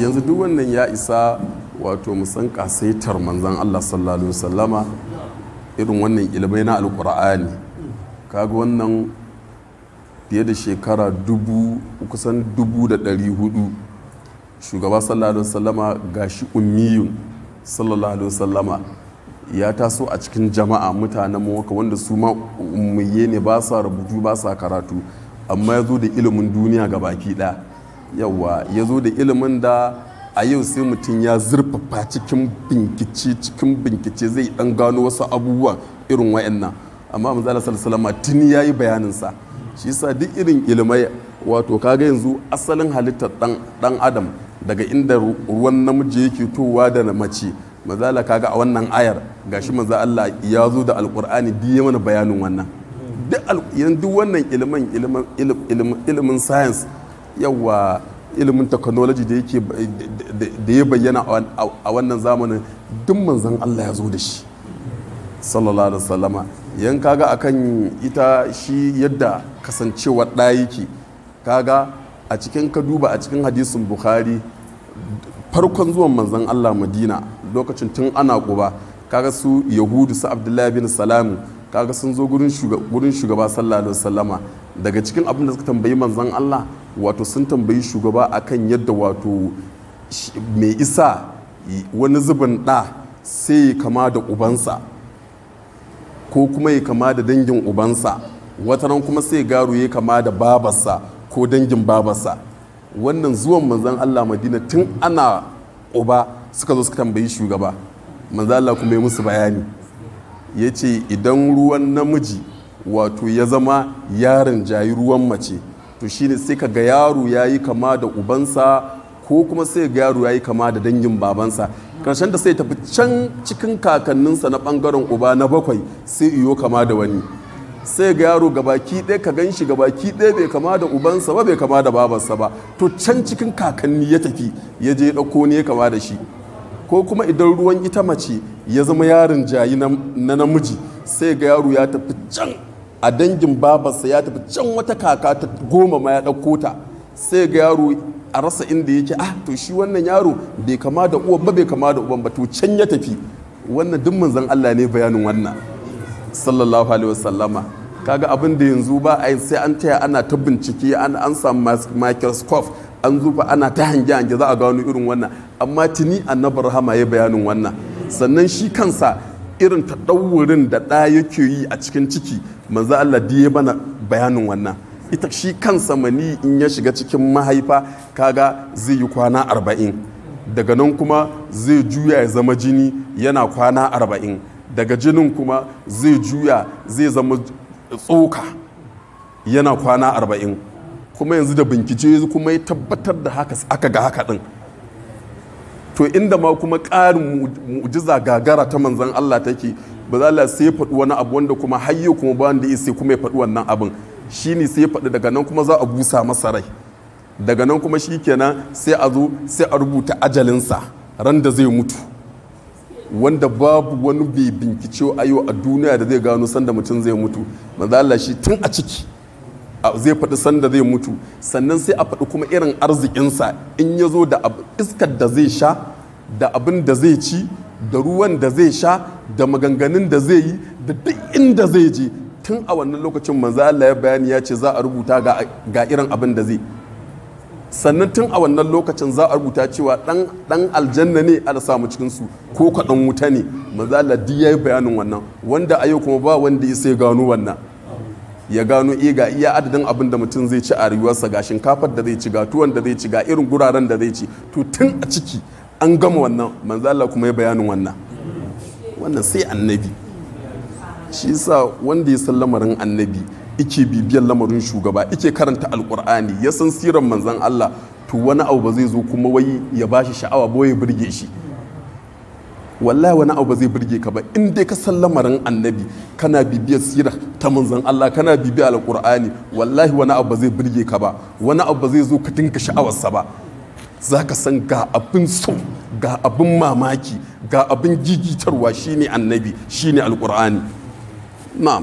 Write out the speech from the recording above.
yanzu duk wannan ya isa wato musan kasaitar manzan Allah sallallahu alaihi wasallama irin wannan ilmai na alkur'ani kaga wannan fiye da shekara dubu kusan dubu da dari hudu shugaba sallallahu alaihi wasallama gashi umiyun sallallahu alaihi wasallama ya taso a cikin jama'a mutanen mawaka wanda su ma ummiye ne ba sa rubutu ba sa karatu amma ya zo da ilimin duniya ga baki ɗaya yawa ya zo da ilimin da a yau sai mutum ya zurfafa cikin binkici cikin binkici zai dan gano wasu abubuwan irin wayannan amma mu zala sallallahu tuni yayi bayanin sa shi yasa duk irin ilimai wato kaga yanzu asalin halittar dan adam daga inda ruwan namiji yake towa da mace mazala kaga a wannan ayar gashi manzo Allah ya zo da alkur'ani duk ya mana bayanin wannan duk wannan ilimin ilimin ilimin science yawa ilimin technology da yake da ya bayyana a wannan zamanin duk manzan Allah ya zo da shi sallallahu alaihi wasallama yan kaga akan ita shi yadda kasancewa ɗaya yake kaga a cikin ka duba a cikin hadisin bukhari farkon zuwan manzan Allah madina lokacin tun ana kuba kaga su yahudu su abdullahi bin salamu kaga sun zo gurin shugaba sallallahu alaihi wasallama daga cikin abin da suka tambayi manzan Allah wato sun tambayi shugaba akan yadda wato mai isa wani zubin ɗa sai ya kama da ubansa ko kuma ya kama da dangin ubansa wataran kuma sai garu ya kama da babarsa ko dangin babarsa wannan zuwan manzan allah madina tun ana uba suka zo suka tambayi shugaba manzan allah kuma ya musu bayani ya ce idan ruwan namiji wato ya zama yaron jayi ruwan mace to shine sai ka ga yaro ya yi kama da ubansa ko kuma sai ga yaro ya yi kama da dangin babansa karshen da sai tafi can cikin kakanninsa na bangaren uba na bakwai sai iyo kama da wani sai ga yaro gabaki ɗaya ka gan shi baki ɗaya bai kama da ubansa ba bai kama da babansa ba to can cikin kakanni ya tafi ya je ɗauko ne ya kama da shi ko kuma idan ruwan ita mace ya zama yarin jayi na namiji sai ga yaro ya tafi can a dangin babarsa ya tafi can wata kaka ta goma ma ya ɗauko ta sai ga yaro a rasa inda yake a ah, to shi wannan yaro bai kama da uwan ba bai kama da uban ba to can ya tafi wannan duk manzon Allah ne bayanin wannan sallallahu alaihi wasallama kaga abin da yanzu ba a sai an taya ana ta bincike an an samu microscope an zufa ana ta hange hange za a gano irin wannan amma tuni annabi rahama ya bayanin wannan sannan shi kansa irin ta da ɗa yake yi a cikin ciki manzo Allah diye mana bayanin wannan ita shi kansa mani in ya shiga cikin mahaifa kaga zai yi kwana arba'in daga nan kuma zai juya ya zama jini yana kwana arba'in daga jinin kuma zai juya zai zama tsoka yana kwana arba'in kuma yanzu da bincike kuma ya tabbatar da haka aka ga haka din to inda ma kuma ƙarin mu'jiza gagara ta manzan Allah take ba za la sai ya faɗi wani abu wanda kuma hayyo kuma ba wanda sai kuma ya faɗi wannan abin shi ne sai ya faɗi daga nan kuma za a busa masa rai daga nan kuma shi kenan sai a zo sai a rubuta ajalinsa ran da zai mutu wanda babu wani bai binkice ayo a duniya da zai gano sanda mutum zai mutu manzo shi tun a ciki zai faɗi sanda zai mutu sannan sai a faɗi kuma irin arzikinsa in ya zo da iskar da zai sha da abin da zai ci da ruwan da zai sha da maganganun da zai yi da duk inda zai je tun a wannan lokacin manzo Allah ya bayani ya ce za a rubuta ga irin abin da zai sannan tun a wannan lokacin za a rubuta cewa dan aljanna ne a samu cikin su ko kaɗan wuta ne manzo Allah duk yayi bayanin wannan wanda a kuma ba wanda ya sai gano wannan ya gano e ga iya adadin abin da mutum zai ci a rayuwarsa ga shinkafar da zai ci ga tuwon da zai ci ga irin guraren da zai ci to tun a ciki an gama wannan manzo Allah kuma ya bayanin wannan wannan sai annabi shi yasa wanda ya san lamarin annabi ike bibiyar lamarin shugaba ike karanta alkur'ani ya san siran manzan Allah to wani abu ba zai zo kuma wai ya ba shi sha'awa ba ya burge shi wallahi wani abu ba zai burge ka ba in dai ka san lamarin annabi kana bibiyar sirar ta manzan Allah kana bibiyar alkur'ani wallahi wani abu ba zai burge ka ba wani abu ba zai zo ka tinka sha'awarsa ba za ka san ga abin so ga abin mamaki ga abin jijitarwa shine annabi shine alkur'ani na'am